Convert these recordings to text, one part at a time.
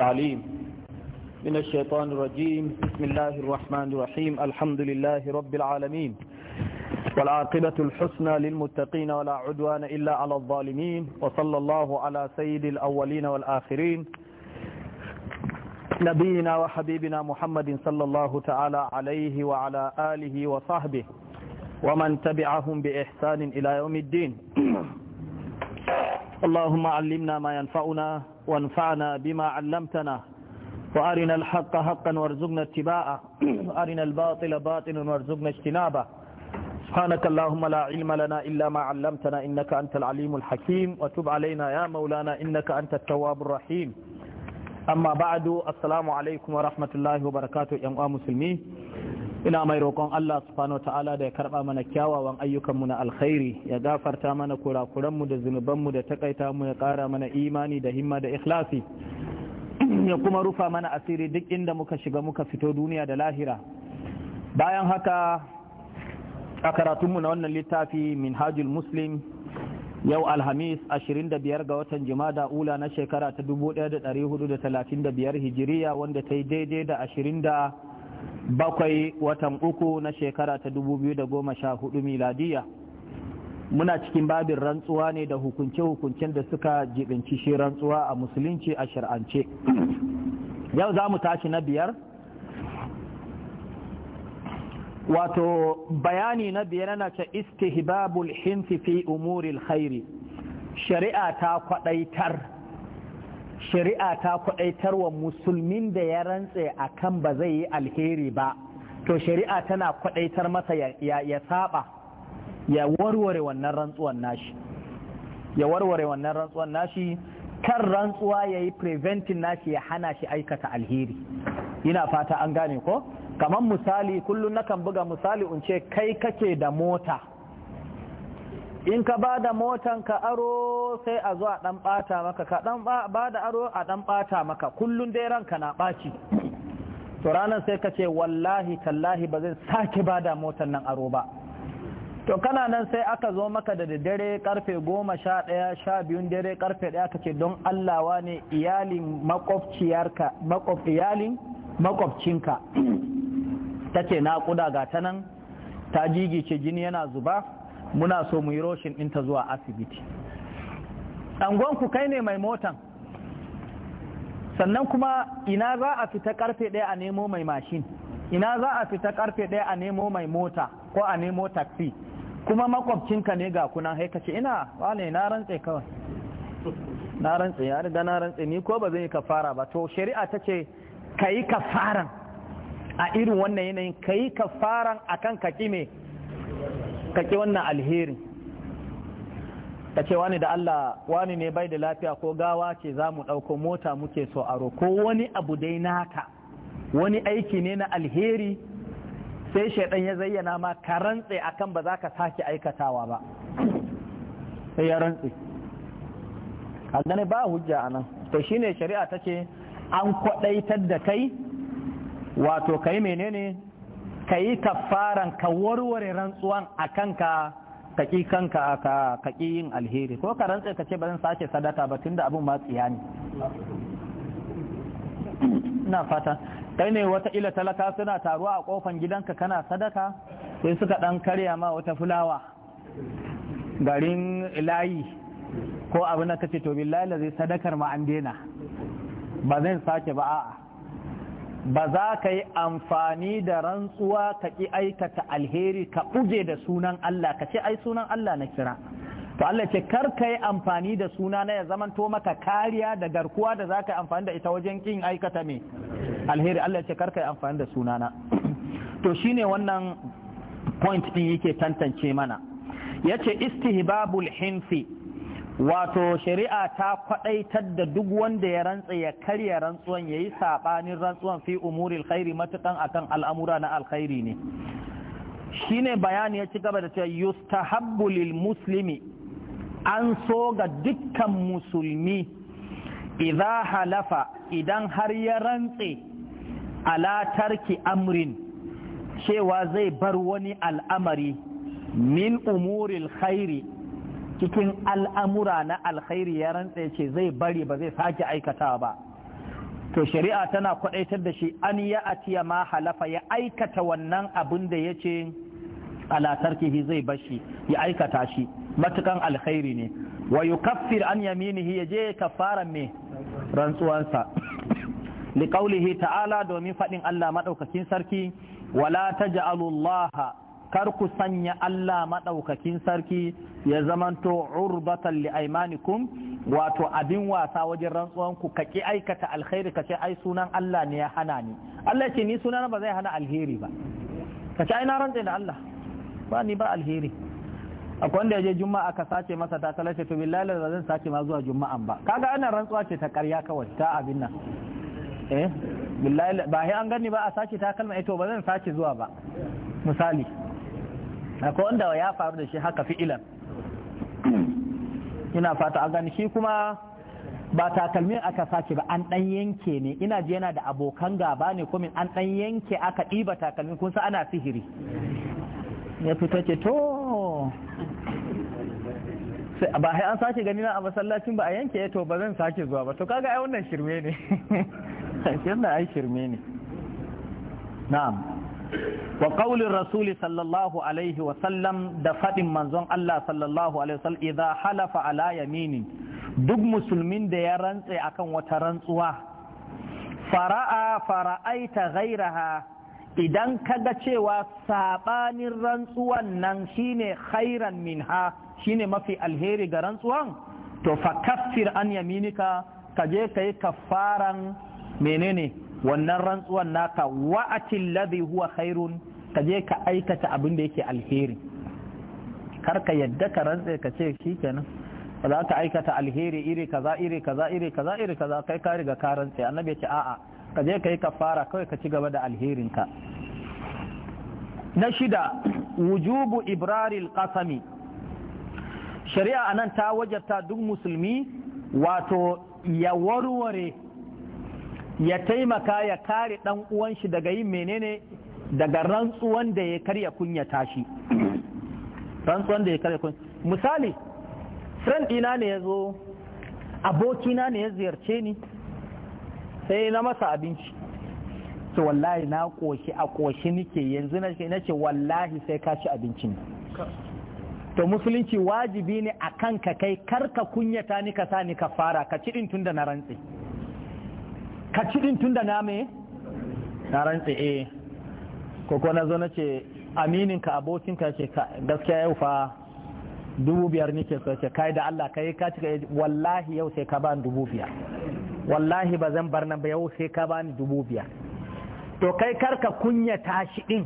التعليم من الشيطان الرجيم بسم الله الرحمن الرحيم الحمد لله رب العالمين والعاقبة الحسنى للمتقين ولا عدوان إلا على الظالمين وصلى الله على سيد الأولين والآخرين نبينا وحبيبنا محمد صلى الله تعالى عليه وعلى آله وصحبه ومن تبعهم بإحسان إلى يوم الدين اللهم علمنا ما ينفعنا وانفعنا بما علمتنا وأرنا الحق حقا وارزقنا اتباعه وأرنا الباطل باطلا وارزقنا اجتنابه سبحانك اللهم لا علم لنا إلا ما علمتنا إنك أنت العليم الحكيم وتب علينا يا مولانا إنك أنت التواب الرحيم أما بعد السلام عليكم ورحمة الله وبركاته يا مسلمين ina mai roƙon Allah subhanahu wa ta'ala da ya karɓa mana kyawawan ayyukanmu na alkhairi ya gafarta mana kurakuranmu da zunubanmu da takaita mu ya ƙara mana imani da himma da ikhlasi ya kuma rufa mana asiri duk inda muka shiga muka fito duniya da lahira bayan haka a karatunmu na wannan littafi minhajul muslim yau alhamis 25 ga watan jimada ula na shekara ta 1435 hijiriya wanda ta yi daidai da bakwai watan uku na shekara ta dubu biyu da goma sha hudu miladiya muna cikin babin rantsuwa ne da hukunce-hukuncen da suka jibinci shi rantsuwa a musulunci a shir'ance yau za mu tashi na biyar wato bayani na biyar na ce istihbabul himfi fi umuril khairi shari'a ta kwadaitar shari'a ta wa musulmin da ya rantse a kan ba zai yi alheri ba to shari'a tana kwaɗaitar masa ya saba ya warware wannan rantsuwan nashi ya warware wannan rantsuwan nashi kan rantsuwa ya yi preventin nashi ya hana shi aikata alheri ina fata an gane ko kamar misali kullum nakan buga misali in ce kai kake da mota in ka ba da motan ka aro sai a zo a ɗan ɓata maka ka ɗan ba da aro a ɗan ɓata maka kullum dai ranka na ɓaci to ranar sai ka ce wallahi tallahi ba zai sake ba da motan nan aro ba to kana nan sai aka zo maka da dare karfe goma sha ɗaya sha biyun dare karfe ɗaya ka don allawa ne iyalin iyalin makwabcinka ta ce naƙuda ga ta nan ta jigice jini yana zuba muna so mu yi roshin ta zuwa asibiti ku kai ne mai motan sannan kuma ina za a fita karfe ɗaya a nemo mai mashin ina za a fita karfe ɗaya a nemo mai mota ko a nemo taxi kuma makwabcinka ne ga kunan haika ina wane na rantse kawai na rantse ya riga na rantse ni ko ba zai kafara ba to shari'a ta ce ka yi kafaran a irin wannan yanayin ka yi kafaran akan ka kime ka wannan alheri ka ce wani da Allah wani ne bai da lafiya ko gawa ce za mu ɗauko mota muke so aro ko wani abu dai naka wani aiki ne na alheri sai shaidan ya zayyana ma ka rantse akan ba za ka sake aikatawa ba sai ya rantse gane ba hujja a nan to shine shari'a ta ce an kwaɗaitar da kai wato kai menene ka yi kafaran ka warware rantsuwan a kanka ka ƙi kanka ka ƙi yin alheri ko ka rantse ka ce ba zan sake sadaka ba tunda abin ma tsiya ne ina fata kai ne wata ila talaka suna taruwa a kofan gidanka kana sadaka sai suka ɗan karya ma wata fulawa garin layi ko abin da kace to billahi la zai sadakar ma an ba zan sake ba a'a ba za ka yi amfani da rantsuwa ka ƙi aikata alheri ka buge da sunan Allah ka ce ai sunan Allah na kira to Allah ce kar ka yi amfani da suna na ya zamanto maka kariya da garkuwa da za ka yi amfani da ita wajen ƙin aikata mai. alheri Allah ce kar ka yi amfani da suna na to shine wannan point din yake tantance mana yace istihbabul hinfi wato shari'a ta kwaɗaitar da duk wanda ya rantsa ya karya rantsuwan ya yi saɓanin rantsuwan fi umuril khairi matukan akan al'amura na alkhairi ne shine bayani ya ci gaba da cewa yustahabbu lil muslimi an so ga dukkan musulmi idza halafa idan har ya rantse ala tarki amrin cewa zai bar wani al'amari min umuril khairi cikin al'amura na alkhairi ya rantsa ce zai bari ba zai sake aikatawa ba to shari'a tana kwadaitar da shi an ya atiya ma halafa ya aikata wannan abin da ya ce alatarkihi zai bashi ya aikata shi matukan alkhairi ne wa yukaffir an yaminihi ya je kafara mai rantsuwansa liƙaulihi ta'ala domin faɗin Allah maɗaukakin sarki wala taj'alullaha kar ku sanya Allah maɗaukakin sarki ya zamanto urbatan li'aimanikum wato abin wasa wajen rantsuwan ku ka ki aikata alkhairi ka ce ai sunan Allah ne ya hana ni Allah ce ni sunan ba zai hana alheri ba ka ce ai na rantse da Allah ba ni ba alheri akwai wanda ya je juma'a ka sace masa ta talace to billahi la zan sace ma zuwa juma'an ba kaga ana rantsuwa ce ta ƙarya kawai ta abin nan eh billahi ba sai an gani ba a sace ta kalma ito eh, ba zan sace zuwa ba misali akwai wanda ya faru da shi haka fi'ilan ina fata a gani shi kuma ba takalmin aka sace ba an dan yanke ne ina ji yana da abokan gaba ne kuma an dan yanke aka ɗiba takalmin kun sa ana sihiri ya fito ce to ba sai an sace gani na a masallacin ba a yanke ya to ba zan sake zuwa ba to kaga ai wannan shirme ne wannan ai shirme ne na'am wa qaulin rasuli sallallahu alaihi wa da faɗin manzon Allah sallallahu alaihi wa sallam halafa ala yamini duk musulmin da ya rantse akan wata rantsuwa fara'a fara'aita gairaha idan kaga cewa sabanin rantsuwan nan shine khairan minha shine mafi alheri ga rantsuwan to fa kaffir an yaminika ka je kai kaffaran menene wannan rantsuwan naka wa'atin ladhi huwa khairun ka je ka aikata abin da yake alheri kar ka yadda ka rantse ka ce shikenan ba za ka aikata alheri iri kaza iri kaza iri kaza iri kaza kai ka riga ka rantse annabi ya ce a'a ka je ka yi kafara kawai ka ci gaba da alherinka na shida wujubu ibraril qasami shari'a anan ta wajabta duk musulmi wato ya warware ya taimaka ya kare ɗan uwan shi daga yin menene daga rantsuwan da ya karya kunya tashi rantsuwan da ya karya kunya misali friend ina ne ya zo abokina ne ya ziyarce ni sai na masa abinci to wallahi na koshi, a koshi nake yanzu na ce wallahi sai ka ci abincin to musulunci wajibi ne a ka kai karka kunyata ni ka sa ni ka fara ka ci din tun da na rantse ka ci din da na me na rantse eh ko ko na zo na ce aminin ka abokin ka ce gaskiya yau fa dubu biyar nike so ce kai da Allah kai ka ci wallahi yau sai ka ba ni dubu biyar wallahi ba zan bar nan ba yau sai ka ba ni dubu biyar to kai karka ta shi din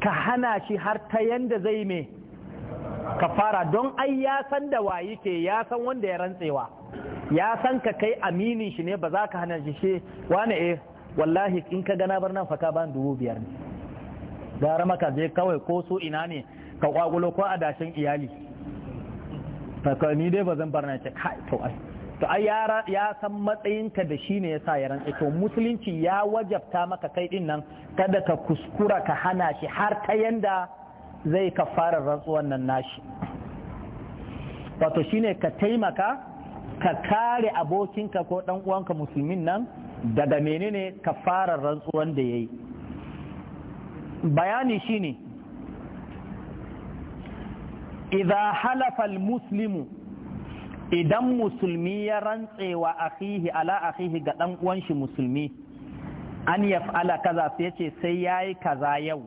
ka hana shi har ta yanda zai me ka fara don ai ya san da wayi ke ya san wanda ya rantsewa ya san ka kai aminin shi ne ba za ka hana shi she wane eh wallahi in ka gana bar nan faka ban dubu biyar ne gara maka je kawai ko su ina ne ka kwagulo ko adashin iyali faka ni dai ba zan bar nan ce kai to ai to ai ya san matsayinka da shi ne yasa ya ran to musulunci ya wajabta maka kai din nan kada ka kuskura ka hana shi har ta yanda zai fara rantsuwan nan nashi wato shine ka taimaka ka kare abokinka ko ɗan uwanka musulmin nan daga menene ka fara rantsuwan da yayi bayani shine idza halafa almuslimu idan musulmi ya rantsewa akhihi ala akhihi ga ɗan uwan shi musulmi an yaf'ala kaza sai ce sai yayi kaza yau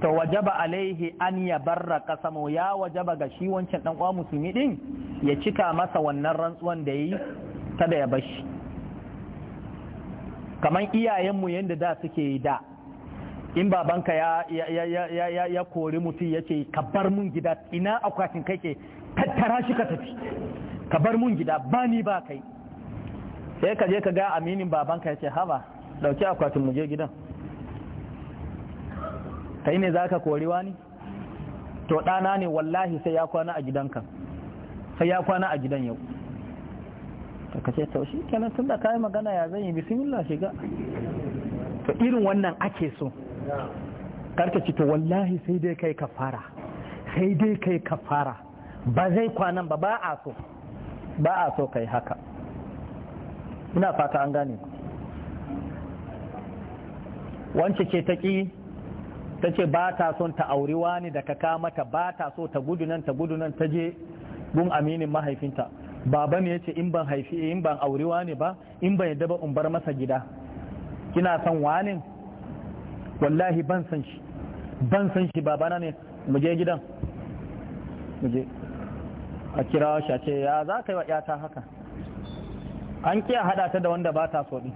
to wajaba alaihi an ya barra kasamo ya wajaba ga shi wancan dan uwa musulmi din ya cika masa wannan rantsuwan da ya yi kada ya bashi kamar iyayenmu yadda da suke yi da in babanka ya, ya, ya, ya kori mutum ya ce ka bar mun gida ina akwatin kai ke tattara shi ka tafi ka bar mun gida ba ni ba kai sai ka je ka ga aminin babanka ya ce haba dauki akwatin mu je gidan kai ne za ka kori wani to ɗana ne wallahi sai ya kwana a gidanka sai ya kwana a gidan yau ka ce taushi kenan tun da magana ya zan yi bismillah shiga to irin wannan ake so karka ci to wallahi sai dai kai kafara sai dai kai kafara ba zai kwanan ba ba a so ba a so kai haka ina fata an gane wance ce ta ƙi ta ce ba ta son ta auri wani da ka kamata ba ta so ta gudu nan ta gudu ta je gun aminin mahaifinta baba ne yace in ban haifi in ban aurewa ne ba in ban yadda ba in bar masa gida kina son wani wallahi ban san shi ban san shi babana ne mu je gidan mu je a kira shi a ce ya za ka yi wa ƴata haka an ki a haɗa ta da wanda ba ta so ɗin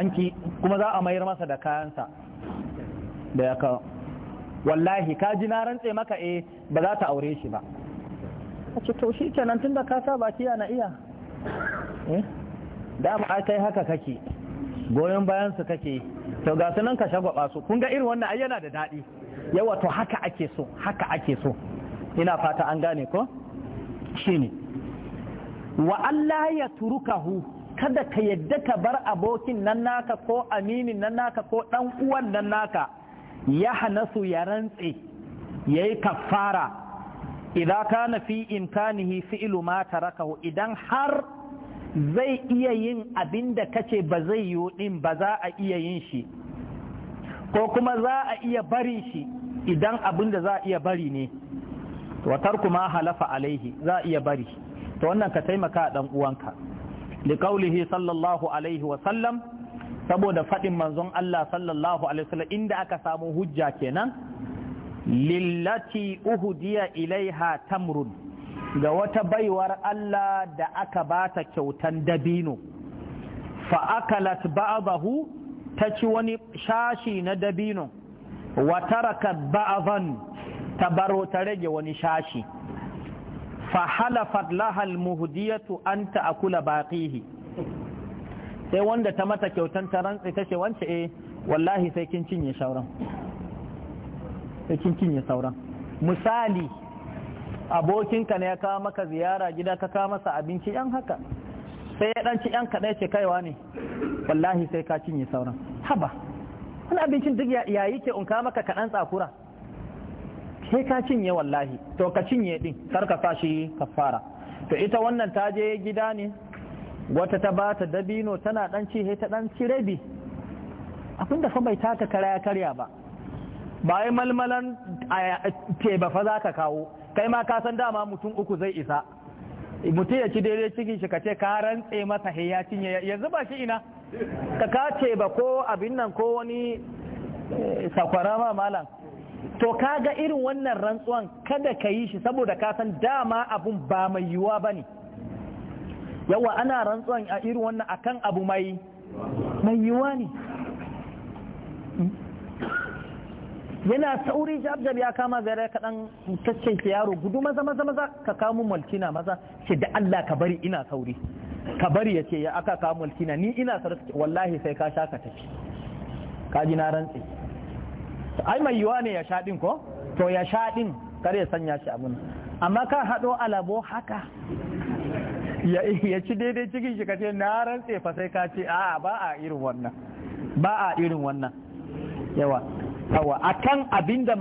an ki kuma za a mayar masa da kayansa da ya kawo wallahi ka ji na rantse maka eh ba za ta aure shi ba a ce to shi kenan tun da ka saba kiya na iya eh? da ba a kai haka kake goyon bayan su kake to ga su nan ka shagwaba su kun ga irin wannan ayyana yana da daɗi yawa to haka ake so haka ake so ina fata an gane ko shine wa Allah ya turukahu kada ka yadda ka bar abokin nan naka ko aminin nan naka ko dan uwan nan naka ya hanasu ya rantse yayi kafara idan na fi imkanihi fi'lu ma tarakahu idan har zai iya yin abin da kace ba zai yi din ba za a iya yin shi ko kuma za a iya bari shi idan abin da za a iya bari ne wa ma halafa alaihi za a iya bari to wannan ka taimaka dan uwanka liqaulihi sallallahu alaihi wa sallam saboda faɗin manzon Allah sallallahu alaihi wasallam inda aka samu hujja kenan lillati uhudiya ilaiha tamrun ga wata baiwar Allah da aka bata kyautan dabino fa'akalat ba'abahu ta ci wani shashi na dabino wa tarakat ba'aban ta baro ta rage wani shashi fa halafat lahal muhdiyatu an ta'kula baqihi sai wanda ta mata kyautan ta rantse ta ce wance eh wallahi sai kin cinye shauran sai kin cinye sauran misali abokinka ne ya kawo maka ziyara gida ka kawo masa abinci yan haka sai ya ɗanci yan kaɗai ce kaiwa ne wallahi sai ka cinye sauran haba wani abincin duk yayi ke unka maka kaɗan tsakura sai ka cinye wallahi to ka cinye ɗin kar ka fashi ka fara to ita wannan ta je gida ne wata ta ba ta dabino tana ɗan ci ta ɗan ci rabi abinda fa bai taka kara ya karya ba ba yi malmalan ke ba fa za ka kawo kai ma ka san dama mutum uku zai isa mutum ya ci daidai cikin shi ka ce ka rantse masa ya cinye ya zuba shi ina ka ce ba ko abin nan ko wani eh, sakwara ma malam to ka ga irin wannan rantsuwan kada ka yi shi saboda ka san dama abun ba mai yiwuwa ba ne yawa ana rantsuwan a irin wannan akan abu mai mai yiwuwa ne yana sauri jab ya kama zai rai kaɗan tacce ki yaro gudu maza maza maza ka kamo malkina maza ce da Allah ka bari ina sauri ka bari ya ce ya aka kamo malkina ni ina sarki wallahi sai ka sha ka tafi ka ji na rantsi ai mai yiwa ne ya sha ɗin ko to ya sha ɗin kar ya sanya shi abin amma ka haɗo alabo haka ya ci daidai cikin shi ka ce na rantse fa sai ka ce a ba a irin wannan ba a irin wannan yawa yawa akan abinda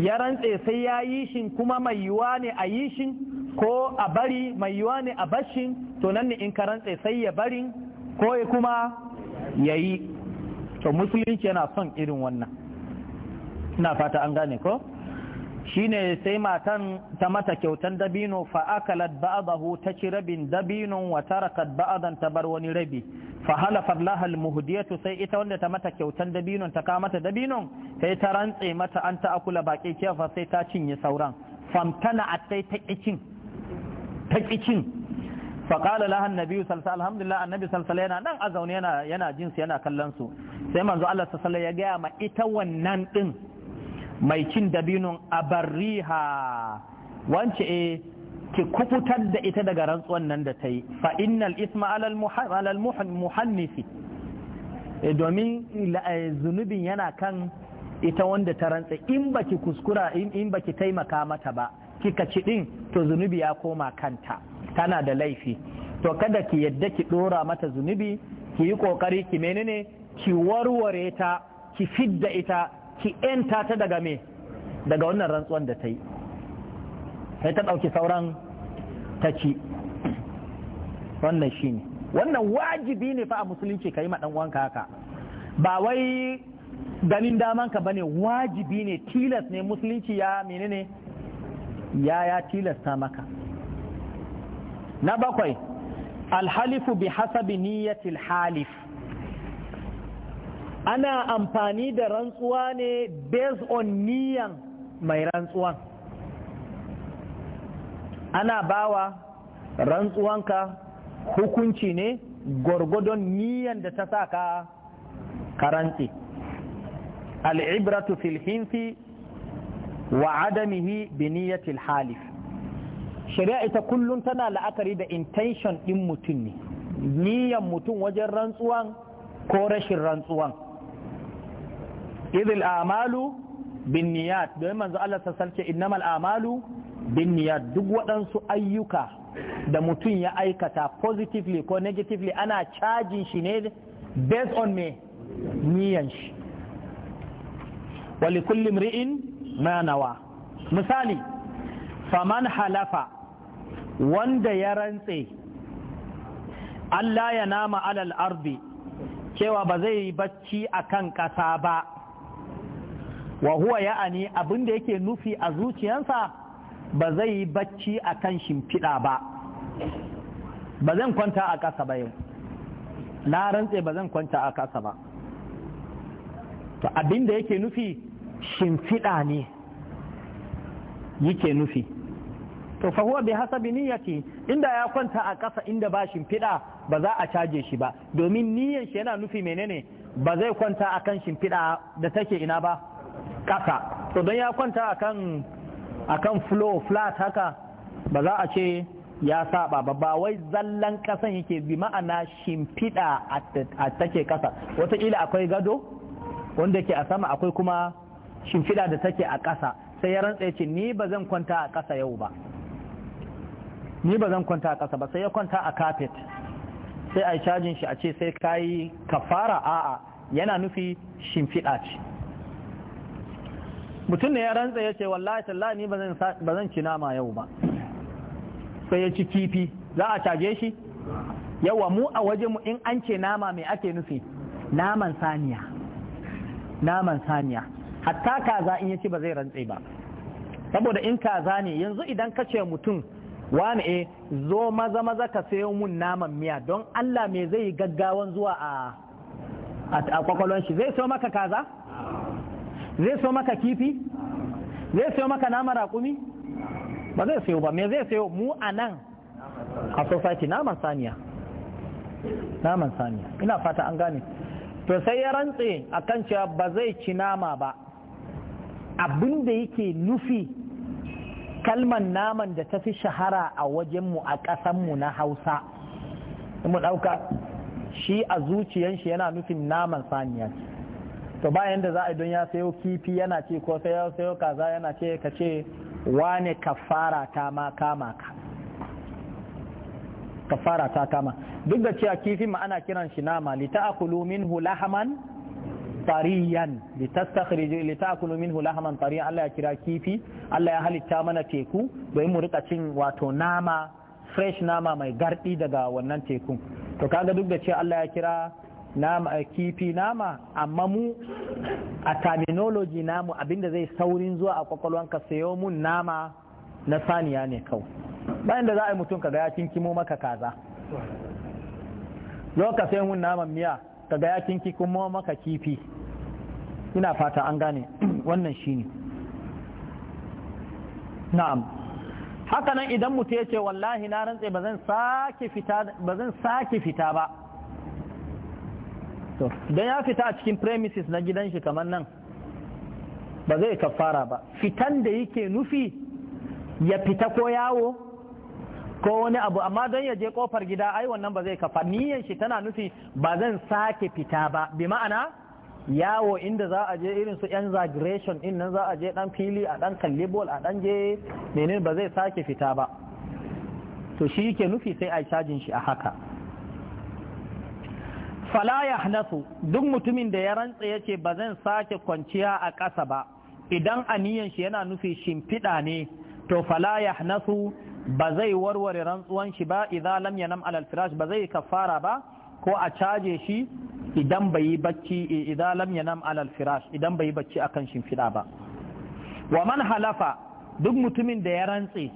ya rantse sai ya yi shin kuma mai yiwuwa ne a yi shin ko a bari mai yiwuwa ne a bashin to nan ne in ka rantse sai ya bari ko ya kuma ya yi to musulunci yana son irin wannan ina fata an gane ko shine sai matan ta mata kyautan dabino fa'akalat ba'dahu ta ci rabin dabinon wa tarakat ba'dan ta bar wani rabi fa halafar lahal muhdiyatu sai ita wanda ta mata kyautan dabinon ta kama mata dabinon sai ta rantse mata an ta akula baki kiyafa sai ta cinye sauran famtana a sai ta kicin ta kicin fa qala laha annabi sallallahu alhamdulillah annabi sallallahu yana nan a zaune yana yana jin yana kallon su sai manzo Allah sallallahu ya gaya ma ita wannan din mai cin dabinon abarriha wance eh ki kubutar da ita daga rantsuwan nan da ta yi fa innal isma alal muhannisi eh, domin eh, zunubin yana kan ita wanda ta rantsa in baki kuskura in baki taimaka mata ba kika ci din to zunubi ya koma kanta tana da laifi to kada ki yadda ki dora mata zunubi ki yi kokari ki menene ki warware ta ki fidda ita ki yanta ta daga me daga wannan rantsuwan da ta yi sai ta ɗauki sauran ta ci wannan shi ne wannan wajibi ne fa a musulunci ka yi ɗan wanka haka ba wai ganin daman ka ne wajibi ne tilas ne musulunci ya menene ya ya tilasta maka na bakwai alhalifu bi hasabi niyyatil halif ana amfani da rantsuwa ne based on niyan mai rantsuwan ana bawa rantsuwanka hukunci ne gwargwadon niyan da ta sa ka karanti al'ibratu filhinfi wa adamihi bi halif shari'a ita kullum tana la'akari da intention ɗin mutum ne niyan mutum wajen rantsuwan ko rashin rantsuwan idil amalu bin niyat don manzo Allah ta innamal amalu binniyat duk waɗansu ayyuka da mutum ya aikata positively ko negatively ana cajin shi ne based on me niyan shi wali kullum ri'in manawa misali faman halafa wanda ya rantse Allah ya nama alal ardi cewa ba zai yi bacci a kan ƙasa ba wa huwa ya'ani abin da yake nufi a zuciyansa ba zai yi bacci a kan shimfiɗa ba ba zan kwanta a ƙasa ba yau na rantse ba zan kwanta a ƙasa ba to abinda yake nufi shimfiɗa ne yake nufi to fa huwa bi hasabi niyyati inda ya kwanta a ƙasa inda ba shimfiɗa ba za a caje shi ba domin niyyar shi yana nufi menene ba zai kwanta akan shimfiɗa da take ina ba ƙasa to don ya kwanta akan akan flow flat haka ba za a ce ya saba ba ba wai zallan kasan yake bi ma'ana shimfiɗa a take ƙasa. wataƙila akwai gado wanda ke a sama akwai kuma shimfiɗa da take a ƙasa sai ya rantsa ce ni ba zan kwanta a ƙasa yau ba ni ba zan kwanta a ƙasa ba sai ya kwanta a kafet sai a yi cajin shi a ce sai ka kayi kafara a'a yana nufi shimfiɗa ce mutum ne ya rantsa ya ce wallahi tallahi ni ba zan ci nama yau ba sai ya ci kifi za a caje shi yawa mu a waje mu in an ce nama mai ake nufi naman saniya naman saniya hatta kaza in ya ci ba zai rantse ba saboda in kaza ne yanzu idan ka ce mutum wani e eh, zo maza maza ka sayo mun naman miya don Allah me zai yi gaggawan zuwa a a kwakwalwan shi zai sayo maka kaza zai so maka kifi zai sayo maka nama raƙumi ba zai sayo ba me zai sayo mu a nan a society naman saniya naman saniya ina fata an gane to sai ya rantse a kan cewa ba zai ci nama ba abin da yake nufi kalman naman da ta fi shahara a wajenmu a ƙasanmu na hausa mu ɗauka shi a zuciyanshi yana nufin naman saniya ce to bayan da za a don ya sayo kifi yana ce ko sai ya sayo kaza yana ce ka ce wane kafara ta ma kama ka kafara ta kama duk da cewa kifi ma ana kiran shi nama lita'kulu minhu lahaman tariyan litastakhriju lita'kulu minhu lahaman tariyan Allah ya kira kifi Allah ya halitta mana teku domin mu rika cin wato nama fresh nama mai gardi daga wannan teku, to kaga duk da cewa Allah ya kira nama eh, kifi nama amma mu a terminology namu abinda zai saurin zuwa a kwakwalwanka sayo mun nama na saniya ne kau, bayan da za a yi mutum kaga ya kinkimo maka kaza zo ka sayo mun naman miya ka kaga ya kinkimo maka kifi ina fata an gane wannan shine na'am haka nan idan mutum ya ce wallahi na rantse ba zan sake fita ba don ya fita a cikin premises na gidan shi kamar nan ba zai kafara ba fitan da yake nufi ya fita ko yawo ko wani abu amma don ya je kofar gida ai wannan ba zai kafa niyyar shi tana nufi ba zan sake fita ba bi ma'ana yawo inda za a je irin su yan zagration din za a je dan fili a dan kalli bol a dan je menene ba zai sake fita ba to shi yake nufi sai a cajin shi a haka fala nasu duk mutumin da ya rantsa ya ce ba zan sake kwanciya a ƙasa ba idan aniyan shi yana nufi shimfiɗa ne to fala nasu ba zai warware rantsuwan shi ba idan lam nam alal firash ba zai kafara ba ko a caje shi idan bai yi bacci idan lam nam alal firash idan bai yi bacci akan shimfiɗa ba wa man halafa duk mutumin da ya rantse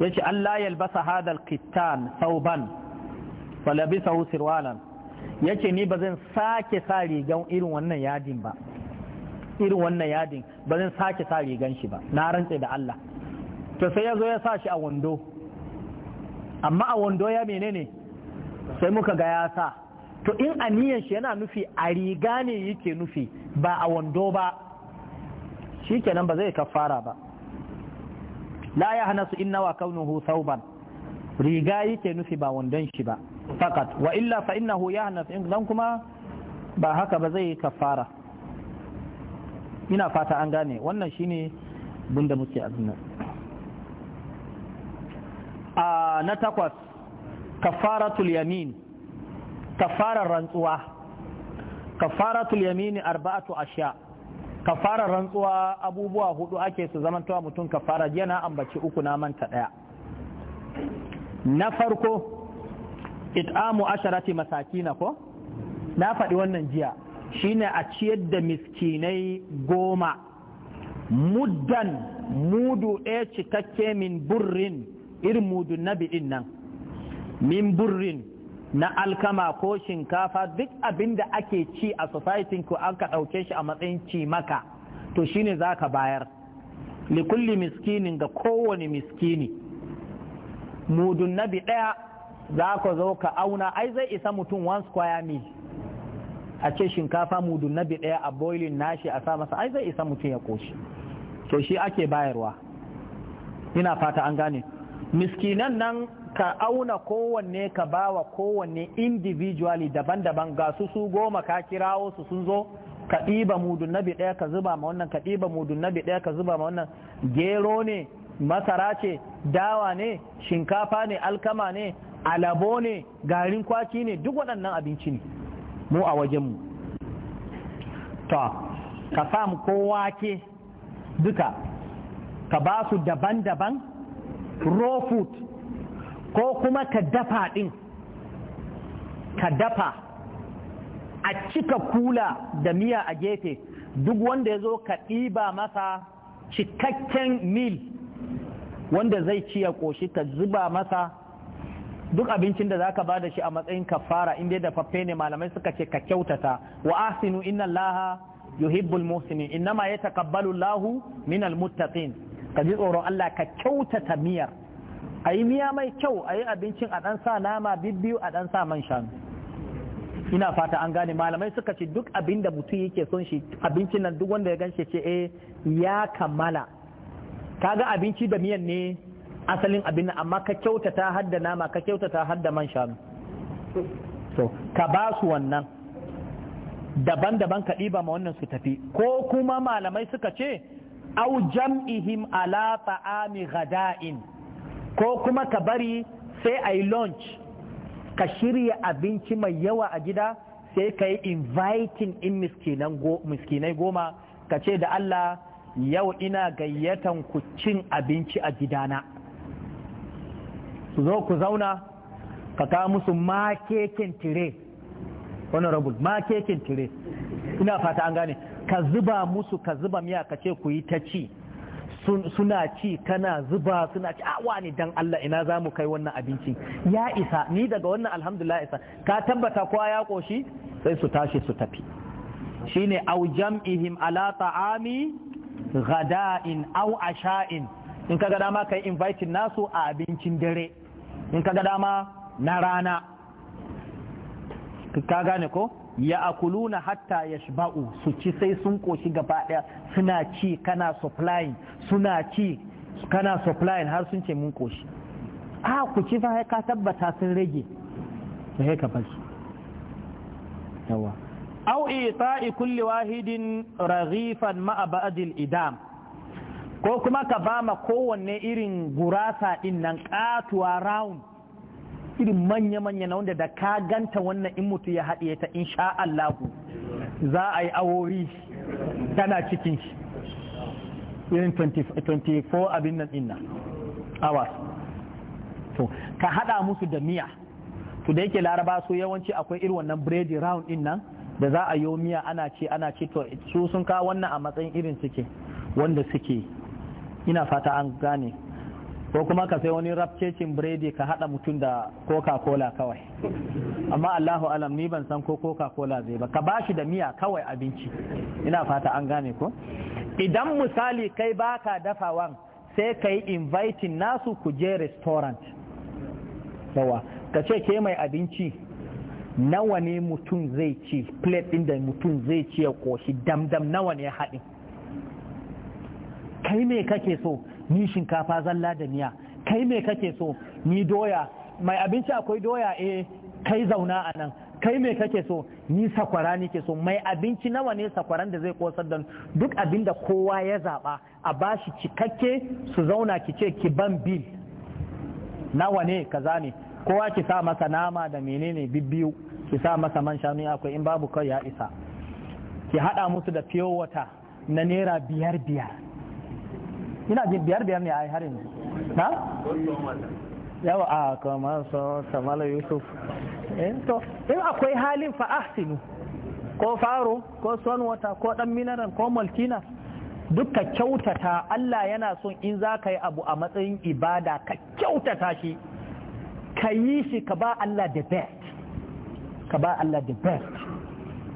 ya ce Allah yalbasa hadal kittan sauban wa labisahu sirwalan ya ni ba zan sake sa rigan irin wannan yadin ba irin wannan yadin ba zan sake sa rigan shi ba na rantse da Allah to sai ya zo ya sa shi a wando amma a wando ya menene sai muka ga ya sa to in aniyan shi yana nufi a riga ne yake nufi ba a wando ba shikenan ba zai kafara ba la ya hana su inna wa kaunuhu sauban riga yake nufi ba wandon shi ba fakat wa illa fa innahu yahnas in dan kuma ba haka ba zai kafara ina fata an gane wannan shine bunda muke azumi a na takwas kafaratul yamin kafarar rantsuwa kafaratul yamin arba'atu ashiya kafarar rantsuwa abubuwa hudu ake su wa mutum kafara yana ambaci uku na manta daya na farko it'amu asharati masakina ko na faɗi wannan jiya shine a ciyar da miskinai goma muddan mudu ɗaya cikakke min burrin irin mudun nabi ɗin nan min burrin na alkama ko shinkafa duk abinda ake ci a society ko an ka ɗauke shi a matsayin ci maka to shine za ka bayar likulli miskinin ga kowane miskini mudun nabi ɗaya za ka zo ka auna ai zai isa mutum one square meal a ce shinkafa mudu na bi daya a boilin nashi a sa masa ai zai isa mutum ya koshi to shi ake bayarwa ina fata an gane miskinan nan ka auna kowanne ka bawa kowanne individually daban-daban ga su su goma ka kirawo su sun zo ka ɗiba mudun nabi ɗaya ka zuba ma wannan ka ɗiba mudun nabi ɗaya ka zuba ma wannan gero ne masara ce dawa ne shinkafa ne alkama ne alabo ne garin kwaki ne duk waɗannan abinci ne mu a wajenmu ta ka samu ko wake duka ka ba su daban-daban raw food ko kuma ka dafa ɗin ka dafa a cika kula da miya a gefe duk wanda ya zo ka ɗiba masa cikakken mil wanda zai ci ya ƙoshi ka zuba masa duk abincin da zaka bada shi a matsayin kafara in dai dafaffe ne malamai suka ce ka kyautata wa ahsinu inna allaha yuhibbul muhsinin innama yataqabbalu allahu minal muttaqin ka ji tsoron Allah ka kyautata miyar ayi miya mai kyau ayi abincin a dan sa nama bibbiyu a dan sa man shanu ina fata an gane malamai suka ce duk abinda da mutum yake son shi abincin nan duk wanda ya ganshi ce eh ya kammala kaga abinci da miyan ne asalin abin amma ka kyautata hadda nama ka kyautata hadda man shanu to ka ba su wannan daban-daban ka ɗiba ma wannan su tafi ko kuma malamai suka ce au jam'ihim ala ta'ami ghada'in ko kuma ka bari sai a yi lunch ka shirya abinci mai yawa a gida sai ka yi inviting in miskinai goma ka ce da Allah yau ina gayyatan ku cin abinci a gidana su zo ku zauna ka kawo musu makekin tire honorable makekin tire ina fata an gane ka zuba musu ka zuba miya ka ce ku yi ta ci suna ci kana zuba suna ci awa ne dan Allah ina za mu kai wannan abinci ya isa ni daga wannan alhamdulillah isa ka tabbata kowa ya koshi sai su tashi su tafi shine au jam'ihim ala ta'ami ghada'in au asha'in in kaga dama kai inviting nasu a abincin dare in ga dama na rana ka gane ko ya akuluna hatta ya shiba'u su ci sai sun koshi gaba daya suna ci kana supplying suna ci kana supplying har sun ce mun koshi a ku ci fa ka tabbata sun rage da ka fashi yawa au ita'i kulli wahidin raghifan ma'abadil idam ko kuma ka ba ma kowanne irin gurasa din nan katuwa round irin manya-manya na wanda da ka ganta wannan in mutu ya haɗe ta sha Allah za a yi awori tana cikin shi irin 24 abin nan inna hours to ka haɗa musu da miya to da yake laraba su yawanci akwai irin wannan biredi round din nan da za a yi miya ana ce ana ce to su sun kawo wannan a matsayin irin suke wanda suke ina fata an gane ko kuma ka sai wani rafcecin biredi ka hada mutum da coca-cola kawai amma allahu alam ni ban san ko coca-cola zai ba ka bashi da miya kawai abinci ina fata an gane ko idan misali kai baka dafawan sai ka yi inviting nasu ku je restaurant yawa ka ce ke mai abinci nawa ne mutum zai ci plate ɗin da mutum zai ci ya koshi damdam nawa ne haɗin kai me kake so ni shinkafa zalla da miya kai me kake so ni doya mai abinci akwai doya eh kai zauna a nan kai me kake so ni sakwara ni ke so mai abinci nawa ne sakwaran da zai kosar da duk abin da kowa ya zaba a bashi cikakke su zauna ki ce ki ban bil nawa ne kaza ne kowa ki sa masa nama da menene bibbiyu ki sa masa man shanu akwai in babu kai ya isa ki hada musu da pure water na naira biyar biyar ina jin biyar biyar ne a yi harin na yawa a kamar so samala yusuf in eh, to in akwai halin fa'asinu ko faro ko son wata ko dan minaran ko malkina duka kyautata Allah yana son in za ka yi abu a matsayin ibada ka kyautata shi ka yi shi ka ba Allah the best ka ba Allah the best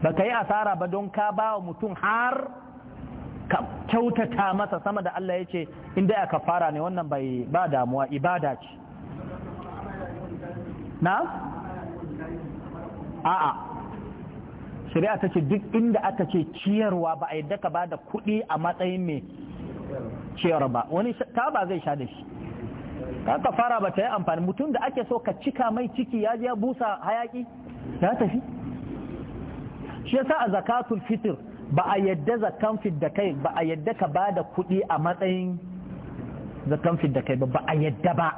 ba ka yi asara ba don ka ba wa mutum har kyautata masa sama da Allah ya ce inda ya kafara ne wannan bai ba damuwa ibada ce na? a'a shari'a ta ce duk inda aka ce ciyarwa ba a yi daka ba da kuɗi a matsayin mai ciyar ba wani ta ba zai sha da shi ka kafara ba ta yi amfani mutum da ake so ka cika mai ciki ya je busa hayaki ya tafi shi ya sa a zakatul fitr ba a yadda zakan da kai ba a yadda ka ba da kuɗi a matsayin zakan da kai ba ba a yadda ba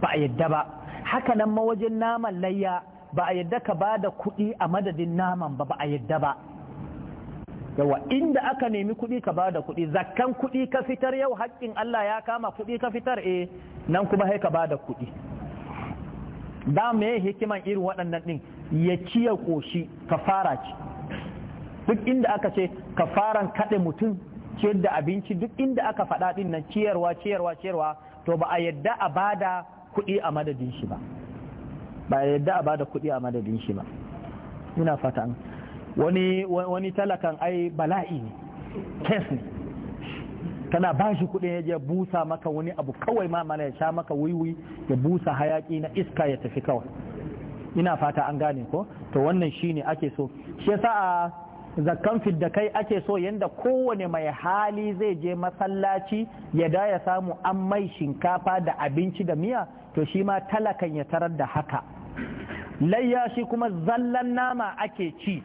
ba a yadda ba haka nan mawajin naman layya ba a yadda ka ba da kuɗi a madadin naman ba ba a yadda ba yawa inda aka nemi kuɗi ka ba da kuɗi zakan kuɗi ka fitar yau haƙƙin Allah ya kama kuɗi ka fitar eh nan kuma sai ka ba da kuɗi da me hikiman irin waɗannan ɗin ya ciye ƙoshi ka fara ci duk inda aka ce ka faran kaɗe mutum ciyar da abinci duk inda aka faɗa ɗin nan ciyarwa ciyarwa ciyarwa to ba a yadda a bada kuɗi a madadin shi ba ba a yadda a bada kuɗi a madadin shi ba ina fata wani wani talakan ai bala'i ne kes ne kana ba shi kuɗi ya je busa maka wani abu kawai ma mana ya sha maka wiwi ya busa hayaki na iska ya tafi kawai ina fata an gane ko to wannan shine ake so shi yasa a zakkan fidda kai ake so yanda kowane mai hali zai je masallaci ya da ya samu an mai shinkafa da abinci da miya to shi ma talakan ya tarar da haka layya shi kuma zallan nama ake ci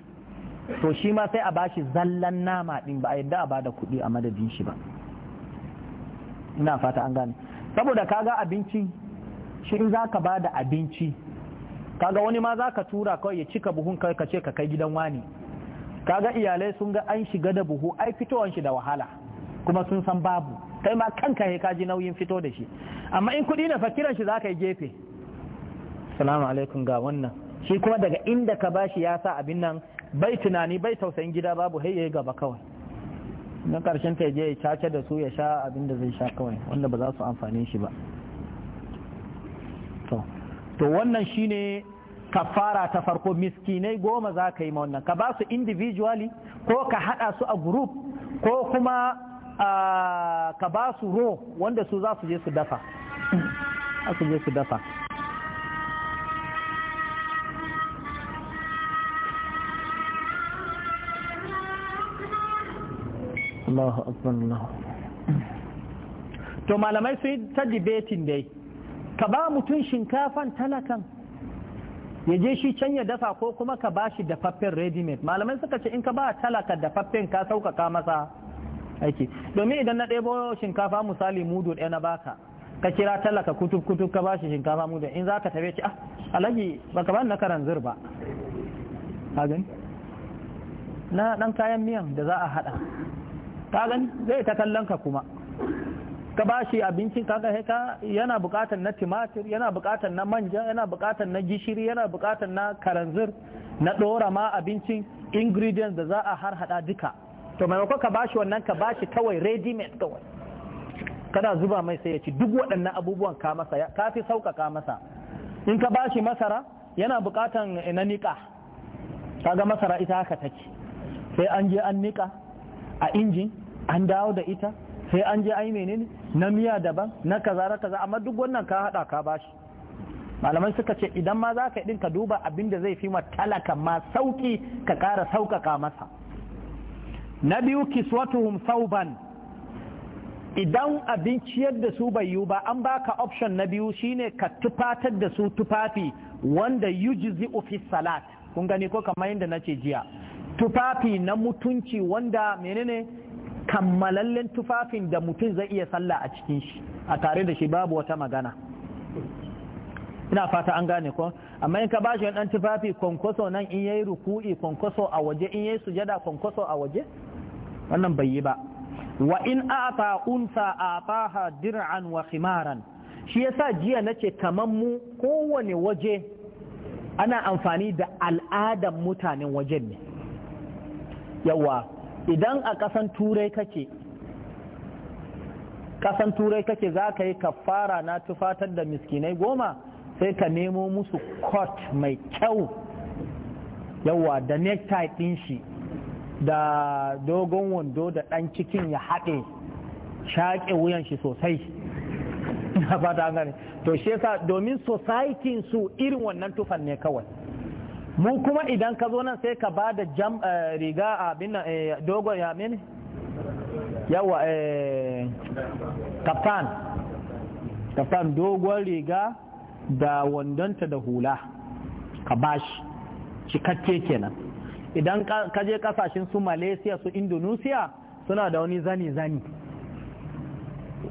to shi ma sai a bashi zallan nama din ba a yadda a bada kuɗi a madadin shi ba ina fata an gane saboda kaga abinci shi in za ka bada abinci kaga wani ma za ka tura kawai ya cika buhun kai ka ce ka kai gidan wani kaga iyalai sun ga an shiga da buhu ai fitowan shi da wahala kuma sun san babu kai ma kanka ka ji nauyin fito da shi amma in kuɗi na fakiran shi zaka yi gefe salamu alaikum ga wannan shi kuma daga inda ka bashi ya sa abin nan bai tunani bai tausayin gida babu hey gaba kawai na karshen ta je ya cace da su ya sha abin da zai sha kawai wanda ba za su amfane shi ba to wannan shine kafara ta farko miskinai goma za ka yi ma wannan ka ba su individually ko ka haɗa su a group ko kuma ka ba su ro wanda su za su je su dafa su je su dafa Allahu akbar Allah to malamai yi ta debating dai ka ba mutum shinkafan talakan ya je shi can ya dafa ko kuma ka ba shi dafaffen ready made malamai suka ce in ka ba talaka dafaffen ka sauƙaƙa masa aiki domin idan na ɗebo shinkafa misali mudu ɗaya na baka ka kira talaka kutub kutub ka ba shi shinkafa mudu in za ka tabe ci ah alhaji ka ba na karan zur ba na ɗan kayan miyan da za a haɗa ka gani zai ta kallon ka kuma ka ba shi abincin kaga ka yana bukatar na timatir yana bukatar na manja yana bukatar na gishiri yana bukatar na karanzir na ɗora ma abincin ingredients da za a har hada duka to maimako ka ba shi wannan ka ba shi kawai ready made kawai kada zuba mai sai ya ci duk waɗannan abubuwan ka masa ka fi sauƙaƙa masa in ka ba shi masara yana bukatar na niƙa kaga masara ita haka take sai an je an niƙa a injin an dawo da ita sai an je ai menene na miya daban na kaza na kaza amma duk wannan ka hada ka bashi malamai suka ce idan ma za ka ka duba abin da zai fi ma talaka ma sauki ka ƙara sauƙaƙa masa na biyu kiswatuhum sauban idan abin ciyar da su bai yiwu ba an baka option na biyu shine ka tufatar da su tufafi wanda yujzi fi salat kun gani ko kamar yadda nace jiya tufafi na mutunci wanda menene kammalallen tufafin da mutum zai iya sallah a cikin shi a tare da shi babu wata magana ina fata an gane ko amma in ka bashi wani dan tufafi kwankwaso nan in yayi ruku'i kwankwaso a waje in yayi sujada kwankwaso a waje wannan bai yi ba wa in ata unsa ataha dir'an wa khimaran shi yasa jiya nace kaman mu kowane waje ana amfani da al'adan mutanen wajen ne yawa idan a ƙasan turai kake ƙasan turai kake za ka yi kafara na tufatar da miskinai goma sai ka nemo musu kot mai kyau yawa da necktie ɗin shi da dogon wando da ɗan cikin ya haɗe shaƙe wuyan shi sosai na fata gane to shi yasa domin society su irin wannan tufan ne kawai Mun kuma idan ka zo nan sai ka ba da jam eh, riga a nan eh, dogon ya mini yawa eh, kaftan kaftan dogon riga da wandonta da hula ka ba shi cikakke kenan idan ka je kasashen su malaysia su indonesia suna da wani zani-zani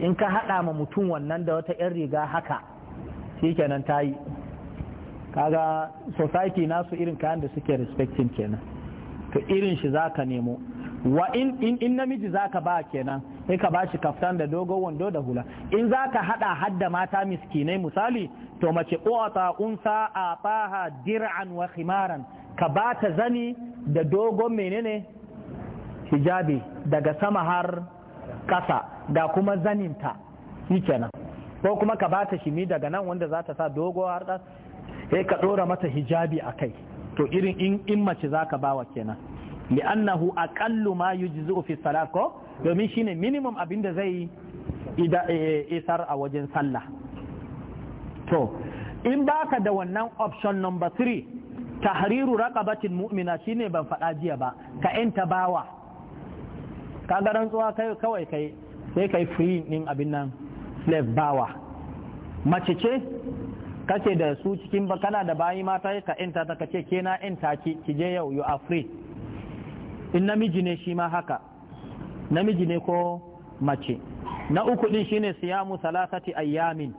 in ka haɗa ma mutum wannan da wata 'yan riga haka shi kenan ta yi kaga society nasu irin kayan da suke respecting kenan to irin shi zaka nemo wa in in, in namiji zaka ba kenan sai ka bashi kaftan da dogon wando da hula in zaka hada hadda mata miskinai misali to mace uwata unsa ataha dir'an wa khimaran ka bata zani da dogon menene hijabi daga sama har kasa da kuma zaninta shi kenan ko kuma ka bata shimi daga nan wanda za sa dogo har sai ka ɗora mata hijabi a kai to irin in in mace zaka bawa kenan annahu aqallu ma yujzu fi salat ko domin shine minimum abinda zai e, isar a wajen sallah to in baka da wannan option number 3 tahriru raqabatin mu'mina shine ban faɗa jiya ba ka enta bawa ka ga rantsuwa kai kawai kai sai kai free din abin nan slave bawa mace ce kace da su cikin ba kana da bayi mata ka yanta ta kace ke na yanta ki ki je yau you are free in namiji ne shi ma haka namiji ne ko mace na uku din shine siyamu salasati ayyamin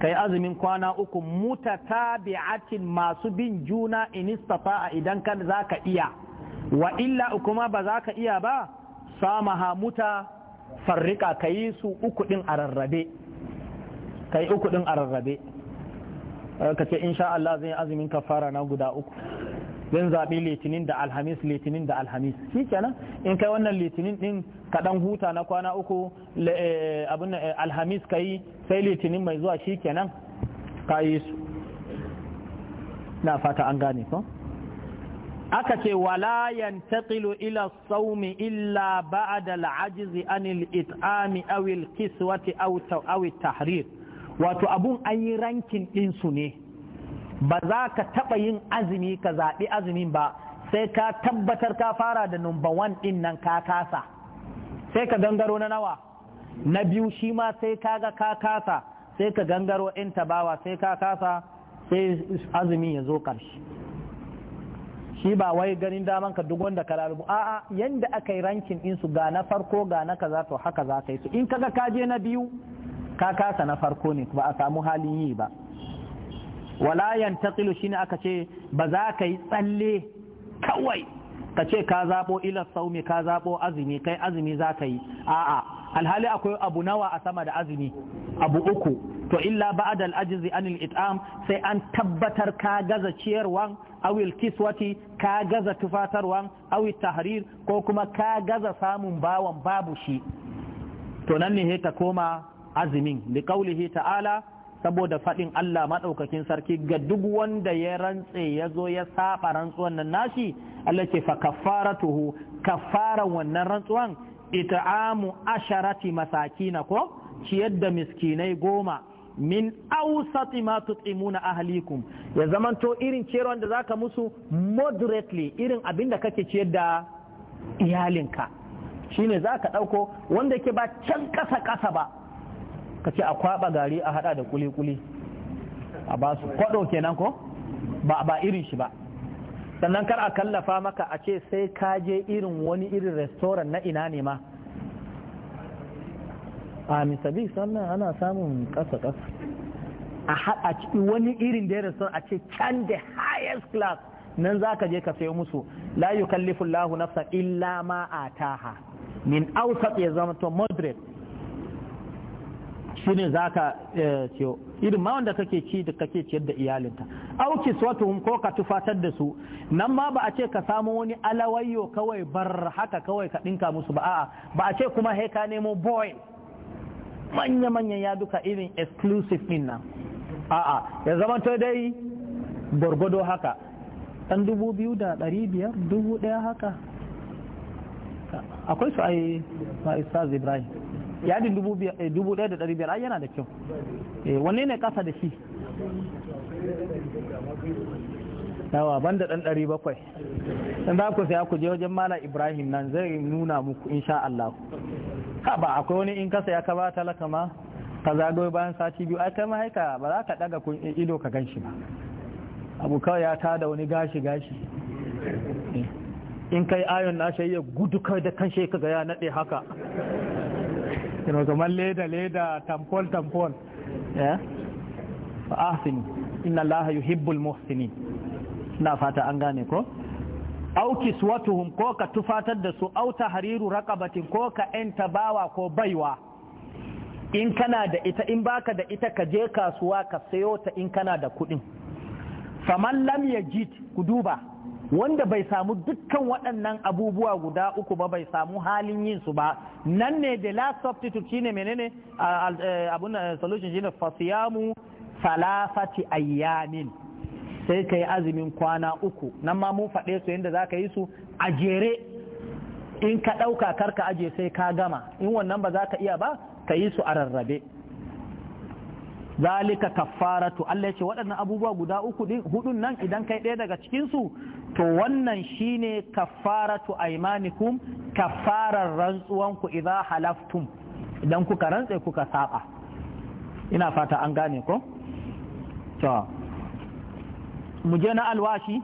kai azumin kwana uku mutatabi'atin masu bin juna in istata'a idan kan zaka iya wa illa kuma ba zaka iya ba samaha muta farrika kayi su uku din ararrabe kai uku din ararrabe. ka ce insha Allah zai azumin kafara na guda uku zan zaɓi litinin da alhamis litinin da alhamis shi kenan in kai wannan litinin ka kaɗan huta na kwana uku eh, abin eh, alhamis ka yi sai litinin mai zuwa shi kenan ka yi su na fata an gane ko aka ce wala yantaqilu ila sawmi illa ba'da al-ajzi anil it'ami aw al-kiswati aw tahrir wato abun an yi rankin ɗinsu ne ba za ka taɓa yin azumi ka zaɓi azumin ba sai ka tabbatar ka fara da number one ɗin nan ka kasa sai ka gangaro na nawa na biyu shi ma sai ka ga ka kasa sai ka gangaro in tabawa sai ka kasa sai azumin ya zo ƙarshe shi ba wai ganin daman ka duk wanda ka lalubu a'a yadda aka yi rankin ɗinsu ga na farko ga na kaza to haka za ka yi su in kaga ka je na biyu ka kasa na farko ne ba a samu halin yi ba wala yantaqilu shine aka ce ba za ka yi tsalle kawai ka ce ka zabo ila saumi ka zabo azumi kai azumi za ka yi a'a alhali akwai abu nawa a sama da azumi abu uku to illa ba'da al-ajzi anil it'am sai an tabbatar ka gaza ciyarwan awil kiswati ka gaza tufatarwan awil tahrir ko kuma ka gaza samun bawan babu shi to nan ne ka koma azumin da kaulihi ta'ala saboda faɗin Allah maɗaukakin sarki ga duk wanda ya rantse ya zo ya saba rantsuwan nan nashi Allah ce fa kafaratuhu kafara wannan rantsuwan it'amu asharati masakina ko ciyar da miskinai goma min awsati ma tut'imuna ahlikum ya zamanto irin ciyarwan da zaka musu moderately irin abinda kake ciyar da iyalinka shine zaka dauko wanda ke ba can kasa kasa ba ka ce a kwaba gari a hada da kuli-kuli a ba su kwado kenan ko ba ba irin shi ba sannan kar a kallafa maka a ce sai ka je irin wani irin restoran na ina ne ma a misali sannan ana samun kasa-kasa a cikin wani irin da restoran a ce can da highest class nan za ka je ka sayo musu la yukallifu Allahu nafsan illa ma ataha min awsat ya zama to moderate shi ne za ka eh, ciyo irin ma wanda kake ci da kake ciyar da iyalinta auki swatuhum ko ka tufatar da su nan ma ba a ce ka samu wani alawayyo kawai bar haka kawai ka ɗinka musu ba a'a ba a ce kuma he ka nemo boy manya-manyan ya duka irin exclusive din nan a'a ya zama to dai gwargwado haka ɗan dubu biyu da ɗari biyar dubu ɗaya haka akwai su ai yi ibrahim yadin eh, dubu ɗaya da ɗari biyar yana da kyau eh, wanne ne ƙasa da shi yawa ban da ɗan ɗari bakwai in za ku saya ku je wajen mala ibrahim nan zai nuna muku insha Allah ha ba akwai wani in kasa ya kaba talaka ma ka zagoyi bayan sati biyu ai kai mahaika ba za ka ɗaga eh, ido ka gan shi ba abu kawai ya tada wani gashi gashi in kai ayon na shayya gudu kai da kan shi ka ga ya naɗe haka sino know, leda leda tampol tampol yeah? Eh? fa inna allaha yuhibbul muhsinin na fata an gane ko au kiswatuhum ko ka tufatar da su au tahriru raqabatin ko ka enta bawa ko baiwa in kana da ita in baka da ita ka je kasuwa ka sayo ta in kana da kudin faman lam yajid ku duba wanda bai samu dukkan waɗannan abubuwa guda uku ba bai samu halin yin su ba nan ne the last substitute shine menene eh, abun solution shine fasiyamu salafati ayyamin sai kai azumin kwana uku nan ma mun faɗe su yadda za ka yi su a jere in ka ɗauka karka aje sai ka gama in wannan ba za ka iya ba ka yi su a rarrabe zalika kaffaratu Allah ya ce waɗannan abubuwa guda uku din hudun nan idan kai ɗaya daga cikinsu. to wannan shine kafaratu aimanikum kafarar ku idza halaftum idan kuka rantse kuka saba ina fata an gane ko to mu je na alwashi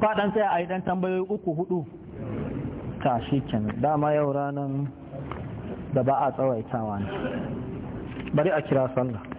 fadan tsaya a yi dan tambayoyi uku hudu ta shi dama yau ranar da ba a tsawaitawa ne bari a kira sallah